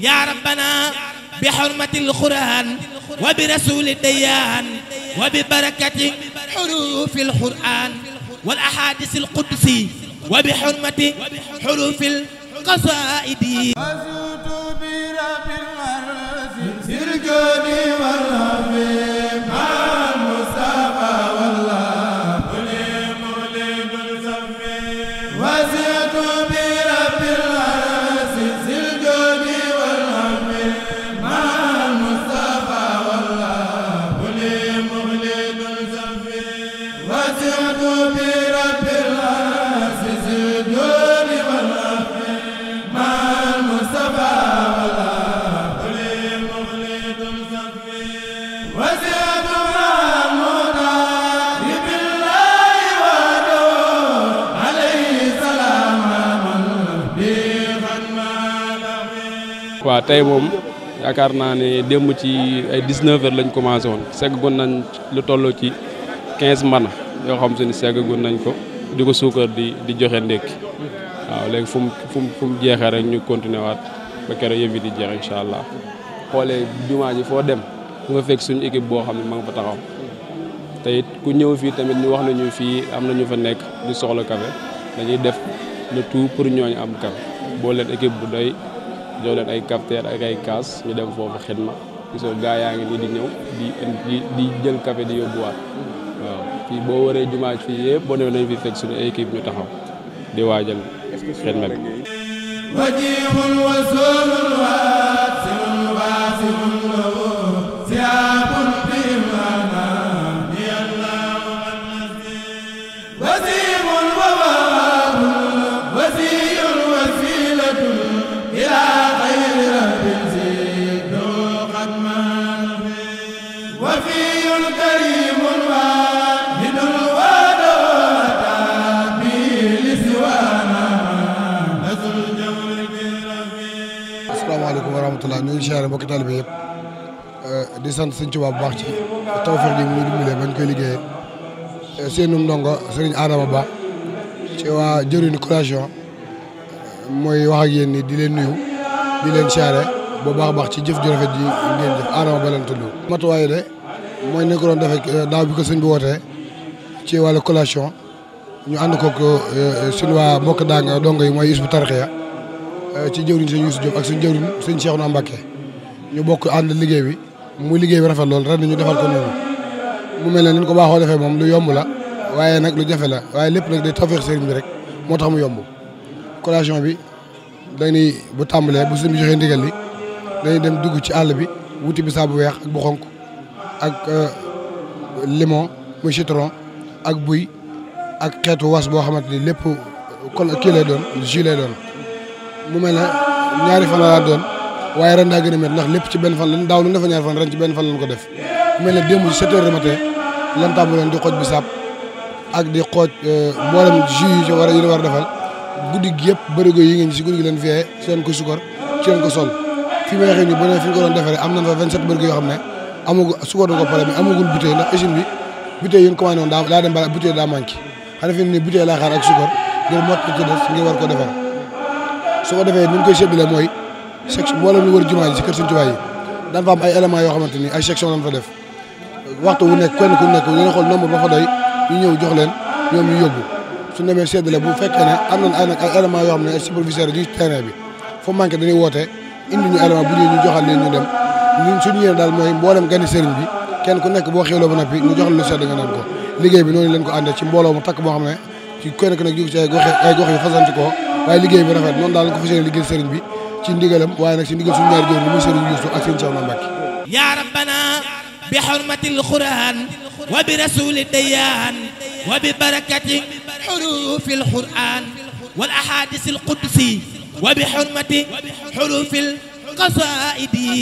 yaa rabbana bi xurmatil quraan wa bi rasuuli dayaan wa bi barakati xuruufil quraan wal axaadiisil qudsi wa bi xurmati xuruufil qasaa'idi waaw tey moom yaakaar naa ne démb ci ay 19 heures lañ commencé woon seggoon nañ lu tolloo ci 15 mbana yoo xam se ni seggoon nañ ko di ko suukar di di joxe ndékki waaw léegi fu mu fu mu jeexee rek ñu continuer waat ba keroog yëf di jeex incha allah xoolee jumaa ji foo dem nga fekk suñu équipe boo xam ne ma nga fa taxaw te it ku ñëw fii tamit ñu wax nañu fii am na ñu fa nekk ñu soxla café dañuy def le tout pour ñooñu am café boo leen équipe bu doy. jox leen ay capteur ak ay kaas ñu dem foofu xidma gisoo gaa yaa ngi nii di ñëw di di di jël café di yóbbuwaat waaw fii boo waree jumaaj fii yëpp boo demee nañ fi fekk suñu équipe ñu taxaw di waajal xidma bi rahmatullah ñooy siyaare mbokki taalibe yëpp eh, di sant sëñ Tuubaa bu baax ci tawfeex ji muy dimbalee bañ koy liggéeyee eh, seenum ndongo sëriñ Adama Ba ci waa jëriñu collation eh, mooy wax ak yéen di leen nuyu di leen siyaare bu baax ci jëf ju rafet ji ngeen jëf Adama Ba leen tudd matuwaay de mooy nekk doon daaw bi ko sëñ bi wootee ci wàllu collation ñu ànd kook suñu waa mbokk daanga dongo yi mooy is bu tarxiya Euh, ci jëwriñ sëñ Youssou Diop ak suñ jëwriñ sëñ Cheikhouna Mbacké ñu bokk ànd liggéey bi mu liggéey bi rafet lool ren ñu defal ko noonu mu mel ne ni ko baaxoo defee moom lu yomb la waaye nag lu jafe la waaye lépp nag day tawfeex sëriñ bi rek moo tax mu yomb collation bi dañuy bu tàmbalee bu suñ bi joxee ndigal li dañuy dem dugg ci àll bi wuti bi saabu weex ak bu xonk ak euh, limon muy citron ak buy ak xeetu was boo xamante ni lépp euh, kii lay doon jus lay doon mu mel ne ñaari fan laa doon waaye ren daa gën a métti ndax lépp ci benn fan lañ daaw lu defa ñaari fan ren ci benn fan lañ ko def mu mel démb ci 7 heures du matin lan tàmbaloon di xooj bisaab ak di xooj euh, mboolem jus yi ci war a yi war a defal guddi gi yëpp bërigo yi ngeen ci guddi gi leen fiyee ci ko sukar ci leen ko sol fi may waxee ñu ba ne fi doon defaree am nañ fa 27 bërigo yoo xam ne amagu sukar na ko pare mais amagul bouteille ndax usine bi yi ñu commandé daa dem ba bouteille daa manqué xanaa fi mu war ko defar su ko defee ni ñu koy séddale mooy section mboolem lu wër jumaa ji si kër suñu jumaa yi fa am ay éléments yoo xamante ni ay section lañ fa def waxtu nekk kenn ku xool nombre ba fa doy ñu ñëw jox leen ñoom ñu yóbbu su ñu demee séddale bu fekkee ne am nañ ay nag ay yoo xam ne ay superviseurs du terrain bi foo manqué ñu élément ñu joxal leen ñu dem ñun daal mooy mboolem gani sëriñ bi kenn ku nekk boo xéwloo ba noppi ñu jox la lu naan ko liggéey bi noonu leen ko àndee ci mbooloo mu takk boo xam ne ci kenn ku nekk jóg ci ay gox fasanti ko waaye liggéey bi rafet noonu daal ko fas yéene liggéey sëriñ bi ci ndigalam waaye nag ci ndigal suñu ñaari jëw ni muy sëriñ Yuusu ak sëriñ Soxna Mbàkke yaa rabbana bi xurmatil quraan wa bi rasuli dayaan wa bi barakati xurufil quraan wal ahadisil qudsi wa bi xurmati xurufil qasaidi